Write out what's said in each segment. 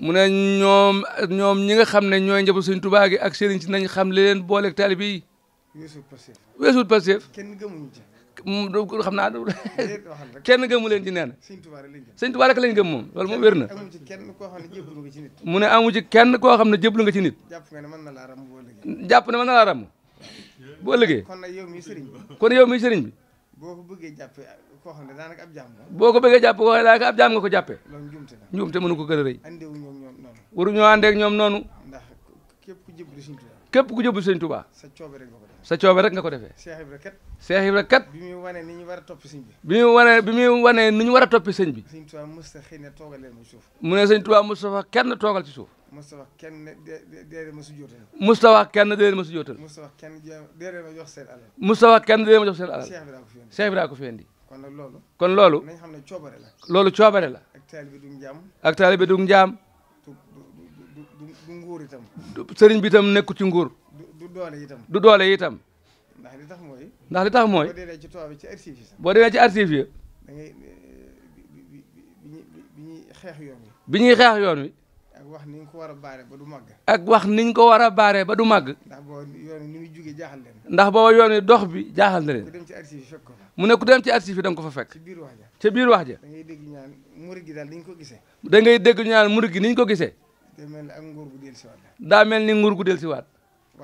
mu ne ñoom ñoom ñi nga xam ne ñooy njabootu Sëriñ Tuubaa gi ak sëriñ si nañ xam li leen booleeg taalibe yi weesuut Pastef kenn gëmuñu ci xam naa kenn gëmu leen ci nee na Sëriñ Tuubaa rek lañ gëm moom loolu moom wér na mu ne amu ci kenn koo xam ne jéblu nga ci nit ne mën na laa ram boo kon yow mi sëriñ bi boo ko bëggee jàppee koo xam ne daanaka ab jaam boo ko bëggee jàpp koo xam ne daanaka ab jaam nga ko jàppee. loolu njuumte la ko gën a ñoo andewu ñoom ñoom noonu. waruñoo àndeeg ñoom noonu. ndax képp ku jëbbu sëñ Tuubaa. ku jëbbu sëñ Tuubaa. sa coobe rek nga ko defee. sa coobe rek nga ko defee. Cheikh Ibra kat. Cheikh Ibra kat. bi muy wane ni ñu war a toppi sëñ bi. bi muy wane bi muy ñu war a toppi sëñ bi. sëñ Mustafa xëy na toogal leen mu suuf. mu ne sëñ Tuubaa kenn toogal ci suuf musta wax kenn déedéet ma su jootal. musta wax kenn déedéet ma su jootal. musta wax kenn déedéet ma jox seen alal. musta wax kenn déedéet ma jox seen alal. Cheikh Ibra ko fi indi. kon nag loolu. kon loolu. nañ xam ne coobare la. loolu coobare la. ak taalibe du njaam. ak taalibe du njaam. du nguur itam. sëriñ bi itam nekku ci nguur. du doole itam. du doole itam. ndax li tax mooy. ndax li tax mooy. boo demee ci tool ci archive yi. boo demee ci archive yi. da ngay eh, bi ñuy xeex yoon wi. bi ñuy xeex yoon wi. wax ko a ba du màgg. ak niñ ko war a baare ba du màgg. ndax booba yoon ni muy jugee jaaxal na leen. ndax booba yoon dox bi jaaxal na leen. ku ko mu ne ku dem ci archive da nga ko fa fekk. ci biir wax ja ca biir wax ja. da ngay dégg ñaan murid gi daal niñ ko gisee. da ngay dégg ñaan murid gi niñ ko gisee. daa mel ni ak nguur gu del si waat. daa mel ni nguur gu del waat.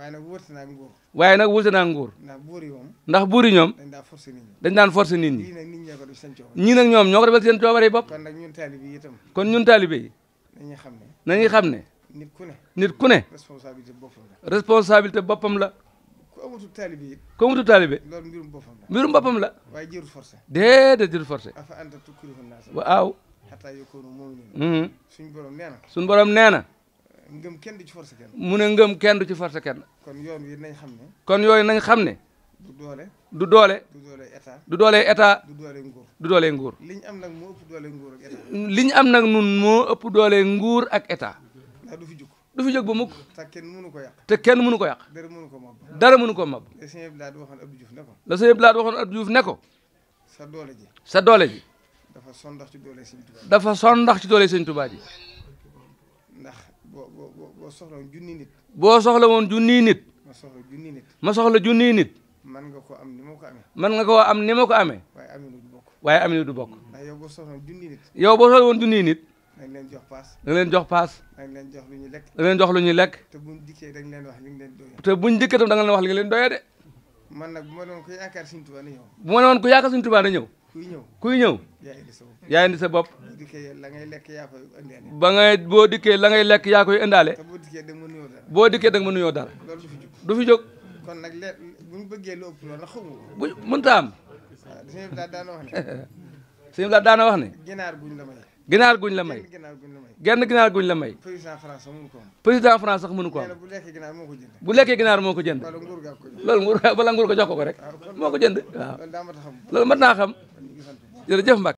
waaye nag wute naa nguur. waaye nag wute naa nguur. ndax buur yi ndax buur ñoom. dañ daan forcer nit ñi. dañ daan forcer nit ñi. ñii nag ñoom ñoo ko defal seen coobare yi bopp. kon ñun taalibe nañu xam ne nañu xam ne. nit ku ne nit ku ne. responsabilité boppam la. responsabilité boppam la. ku amatul taalibe it. ku amatul taalibe. loolu mbirum boppam la. mbirum boppam la. waaye jëru forcé. déedéet jëru forcé. afa anta tukrihu naasa. waaw. xataa yakuunu mu'miniin. Mm-hmm. suñu borom nee na. suñu borom nee na. ngëm kenn du ci forcé kenn. mu ne ngëm kenn du ci forcé kenn. kon yoon wi nañ xam ne. kon yooyu nañ xam ne. du doole. du doole. du doole état. du doole état. du doole du doole nguur. li ñu am nag moo doole nguur ak li am nag nun moo ëpp doole nguur ak état. ndax du fi jóg du fi jóg ba muk te kenn mënu ko yàq. te kenn mënu ko yàq. dara mënu ko mab. dara mënu ko mab. la sëñ Abdoulaye waxoon Abdou Diouf ne ko. la sëñ Abdoulaye waxoon Abdou Diouf ne ko. sa doole ji. sa doole ji. dafa sondax ci doole sëñ Tuubaa ji. dafa sondax ci doole sëñ Tuubaa ji. ndax boo boo soxla woon junni nit. boo soxla woon junni nit. ma soxla junni nit. ma soxla junni nit. man nga koo am ni ma ko amee. man nga koo am ni ma ko amee. waaye waaye Amina du bokk. yow boo soxla boo soxla woon junniy nit. dañ leen jox paas. dañ leen jox paas. dañ leen jox lu ñuy lekk. dañ leen ñuy lekk. te buñ dikkee dañ leen wax li nga leen te buñ dikkee tam da wax li nga leen doyee de. man nag bu ma doon ko yaakaar Sëriñ na ñëw. bu ma doon ko yaakaar Sëriñ Tuubaa na ñëw. kuy ñëw kuy ñëw. yaa indi sa bopp. boo dikkee la ngay lekk yaa ba ngay boo dikkee la ngay lekk yaa koy indaale. te boo dikkee da nga ma dara. boo dikkee da nga ma nuyoo dara. loolu du fi jóg du kon nag le bu ñu bëggee lu ëpp loolu nag xamu ko. bu sëñ Abdoulaye daana wax ne. sëñ Abdoulaye daana wax ne. ginaar guñ la may. ginaar guñ la may. genn ginaar guñ la may. président France sax mënu ko am. président France sax mënu ko am. bu lekkee ginaar moo ko jënd. bu lekkee ginaar moo ko jënd. Ah, moo ko jënd waaw. loolu mat naa xam jërëjëf Mbacke.